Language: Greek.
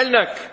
elnök!